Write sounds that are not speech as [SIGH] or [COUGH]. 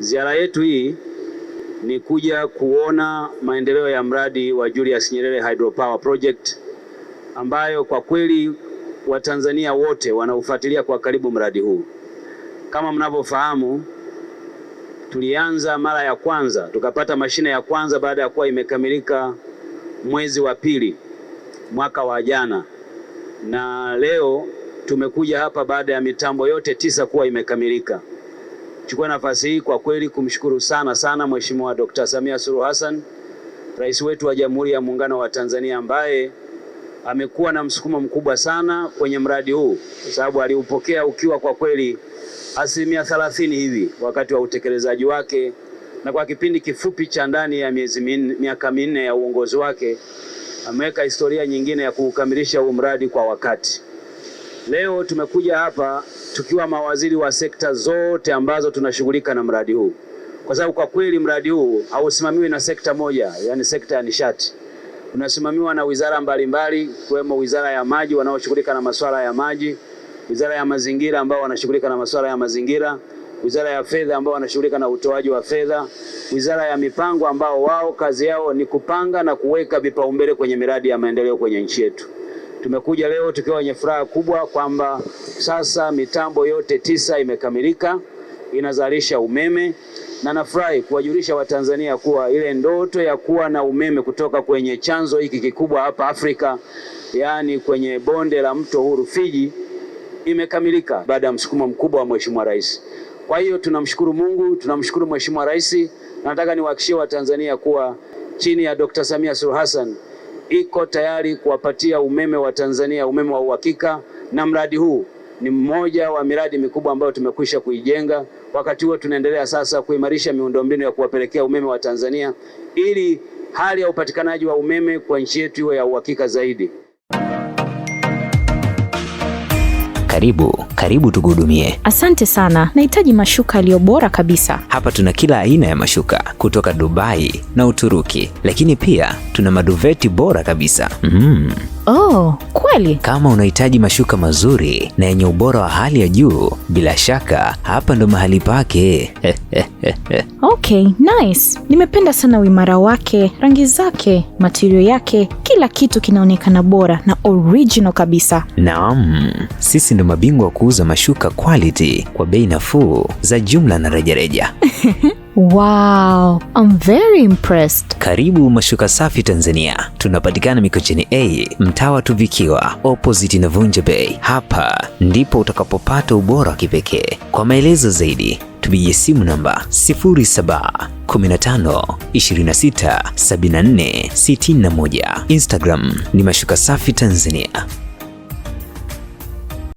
Ziara yetu hii ni kuja kuona maendeleo ya mradi wa Julius Nyerere Hydropower Project ambayo kwa kweli Watanzania wote wanaufuatilia kwa karibu mradi huu. Kama mnavyofahamu, tulianza mara ya kwanza tukapata mashine ya kwanza baada ya kuwa imekamilika mwezi wa pili mwaka wa jana, na leo tumekuja hapa baada ya mitambo yote tisa kuwa imekamilika. Chukua nafasi hii kwa kweli kumshukuru sana sana Mheshimiwa Dkt. Samia Suluhu Hassan, rais wetu wa Jamhuri ya Muungano wa Tanzania, ambaye amekuwa na msukumo mkubwa sana kwenye mradi huu, kwa sababu aliupokea ukiwa kwa kweli asilimia thelathini hivi wakati wa utekelezaji wake, na kwa kipindi kifupi cha ndani ya miezi miaka minne ya uongozi wake ameweka historia nyingine ya kuukamilisha huu mradi kwa wakati. Leo tumekuja hapa tukiwa mawaziri wa sekta zote ambazo tunashughulika na mradi huu, kwa sababu kwa kweli mradi huu hausimamiwi na sekta moja, yani sekta ya nishati unasimamiwa na wizara mbalimbali ikiwemo wizara ya maji wanaoshughulika na masuala ya maji, wizara ya mazingira ambao wanashughulika na masuala ya mazingira, wizara ya fedha ambao wanashughulika na utoaji wa fedha, wizara ya mipango ambao wao kazi yao ni kupanga na kuweka vipaumbele kwenye miradi ya maendeleo kwenye nchi yetu. Tumekuja leo tukiwa wenye furaha kubwa kwamba sasa mitambo yote tisa imekamilika inazalisha umeme, na nafurahi kuwajulisha Watanzania kuwa ile ndoto ya kuwa na umeme kutoka kwenye chanzo hiki kikubwa hapa Afrika, yaani kwenye bonde la mto huu Rufiji imekamilika baada ya msukumo mkubwa wa Mheshimiwa Rais. Kwa hiyo tunamshukuru Mungu, tunamshukuru Mheshimiwa Rais. Nataka niwahakishie Watanzania kuwa chini ya Dr. Samia Suluhu Hassan iko tayari kuwapatia umeme wa Tanzania umeme wa uhakika, na mradi huu ni mmoja wa miradi mikubwa ambayo tumekwisha kuijenga. Wakati huo tunaendelea sasa kuimarisha miundombinu ya kuwapelekea umeme wa Tanzania ili hali ya upatikanaji wa umeme kwa nchi yetu iwe ya uhakika zaidi. Karibu, karibu tugudumie. Asante sana, nahitaji mashuka yaliyo bora kabisa. Hapa tuna kila aina ya mashuka kutoka Dubai na Uturuki, lakini pia tuna maduveti bora kabisa. Mm. Oh, kweli? Kama unahitaji mashuka mazuri na yenye ubora wa hali ya juu, bila shaka hapa ndo mahali pake. [LAUGHS] Okay, nice. Nimependa sana uimara wake, rangi zake, matirio yake kila kitu kinaonekana bora na original kabisa. Naam, sisi ndo mabingwa wa kuuza mashuka quality kwa bei nafuu za jumla na rejareja. [LAUGHS] [LAUGHS] Wow, I'm very impressed. Karibu Mashuka Safi Tanzania. Tunapatikana Mikocheni A, mtaa wa Tuvikiwa, opposite na Vunja Bay. Hapa ndipo utakapopata ubora wa kipekee. Kwa maelezo zaidi, tupigie simu namba 07 15 26 74 61. Instagram ni Mashuka Safi Tanzania.